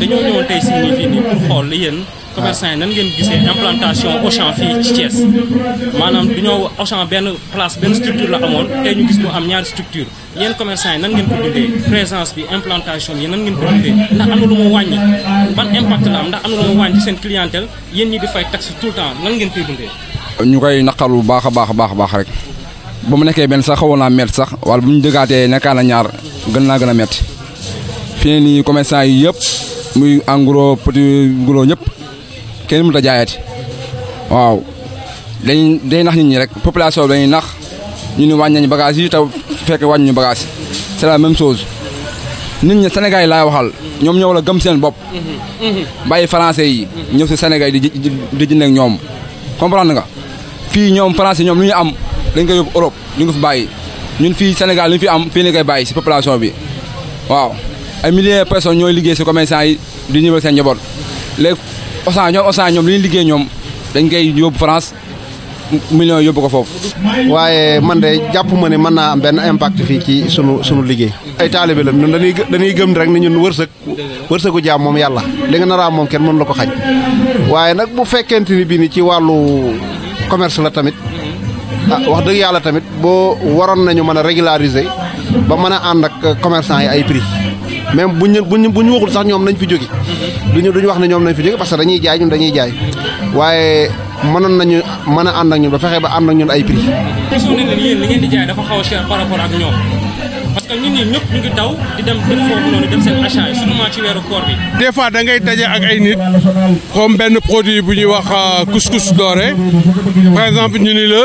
dañoo ñëwoon tey si nii fii nii pour xool yéen commerçant yi nan ngeen gisee implantation Auchan fii ci Thiès maanaam dañoo Auchan benn place benn structure la amoon tey ñu gis mu am ñaari structure yéen commerçant yi nan ngeen ko dundee présence bi implantation bi nan ngeen ko dundee ndax am lu mu wàññi ban impact la am ndax am na lu mu wàññi seen clientèle yéen ñi di fay taxe tout le temps nan ngeen koy dundee ñu koy naqal bu baax a baax a baax baax rek ba mu nekkee benn sax xawoon naa métti sax wala bu ñu dëgaatee nekkaa na ñaar gën naa gën a métti fii nii commerçant yi yëpp muy en gros petit gros ñëpp kenn mënut a waaw dañuy day nax nit ñi rek population bi dañuy nax ñu ne wàññi nañu bagages yi te fekk wàññi ñu bagages c'est la même chose nit ñi Sénégal yi laay waxal ñoom ñoo la gëm seen bopp bàyyi français yi ñëw si Sénégal di di jënd ak ñoom comprendre nga fii ñoom français ñoom lu ñu am dañ koy yóbbu Europe ñu ngi fi bàyyi ñun fii Sénégal lu ñu fi am fii la koy bàyyi si population bi waaw. ay milliers de personnes ñoy liggéey ci commerçant yi di ñëwal seen njaboot léegi Auchan ñoom Auchan ñoom li ñu liggéey ñoom dañ koy yóbbu France millions yóbbu ko foofu. waaye man de jàpp ma ne mën naa am benn impact fii ci sunu sunu liggéey. ay taalibe lam ñun dañuy dañuy gëm rek ni ñun wërsëg wërsëgu jaam moom yàlla li nga naraam moom kenn mën la ko xañ waaye nag bu fekkente ni bii ni ci wàllu commerce la tamit. ah wax dëgg yàlla tamit boo waroon nañu mën a régulariser ba mën a ànd ak commerçant yi ay prix. même bu ñu bu ñu waxul sax ñoom nañ fi jóge mm-hmm. duñu ñu wax ne ñoom nañ fi jóge parce que dañuy jaay ñun dañuy jaay waaye mënoon nañu mën a ànd ak ñun ba fexe ba ànd ak ñun ay prix. question ngeen di jaay dafa xaw a cher par parce que ñun ñii ñëpp ñu ngi daw di dem def foofu noonu dem seen achat yi surtout ci weeru koor bi. des fois da ngay daje ak ay nit comme benn produit bu ñuy wax euh, couscous doré par exemple ñu ni la.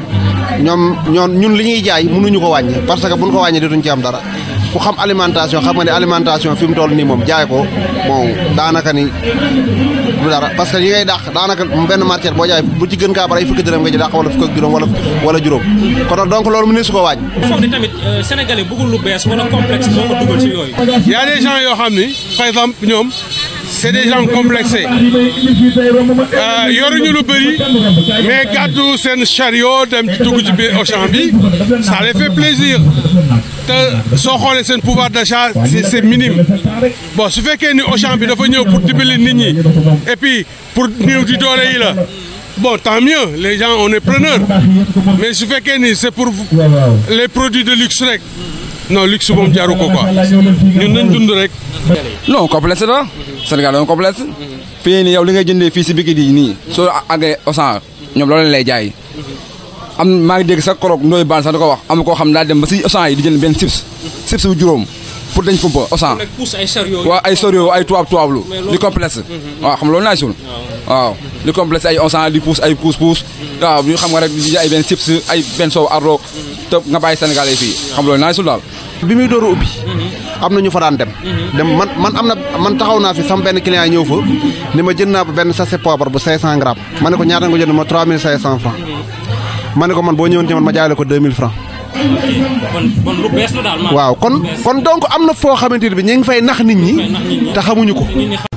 ñoom ñoon ñun li ñuy jaay mënuñu ko wàññi parce que buñ ko wàññi dituñ ci am dara ku xam alimentation xam nga ne alimentation fi mu toll nii moom jaay ko bon daanaka ni du dara parce que yi ngay dàq daanaka benn matière boo jaay bu ci gën kaa bare fukki dërëm nga ci dàq wala fukk ak juróom wala juróom kon donc loolu mu ne su ko wàññi. foog ne tamit euh, sénégalais bëggul lu bees wala complexe moo ko dugal ci yooyu. y a des yoo xam ni par exemple ñoom. C'est des gens complexés euh, yoruñu lu bëri mais gàddu seen chariot dem ci dugg ci au Auchan bi ça les fait plaisir te soo xoolee pouvoir d'achat, c'est minime bon su fekkee ni Chambi, bi dafa venir pour dimbali nit ñi et puis pour néew di doole yi bon tant mieux les gens on est preneurs. mais su fekkee ni c' c'est pour les produits de luxe rek non luxe moom jaru ko quoi ñun nañ dund rek. non complexe la. Sénégal doon complexe. fii nii yow li ngay jëndee fii si biki di nii. soo àggee Auchan ñoom loolu lay jaay. am maa ngi dégg sax koroog Ndoye Bane sax ko wax am koo xam daal dem ba si Auchan yi di jënd benn chips. chips bu juróom pour dañ kumpa Auchan. waaw ay sariyo ay tubaab tubaablu. di complexe. Mm-hmm. waaw xam loolu naay suul. waaw di complexe ay Auchan di puus ay puus puus. Mm-hmm. waaw ñu xam nga rek di jaay benn chips ay benn soow ardo mm-hmm. te nga bàyyi Sénégal yi fii xam loolu a am na ñu fa daan dem. Mhm. dem man man am na man taxaw naa fi sama benn client ñëw fa ni ma jënd naa benn sachet poivre bu 500 grammes. ma ne ko ñaata nga ko jënd ma 3500 francs mhm. ma ne ko man boo ñëwoon ci man ma jaayale ko 2000 francs kon waaw kon kon donc am na foo xamante ne bi ñu ngi fay nax nit ñi. te xamuñu ko.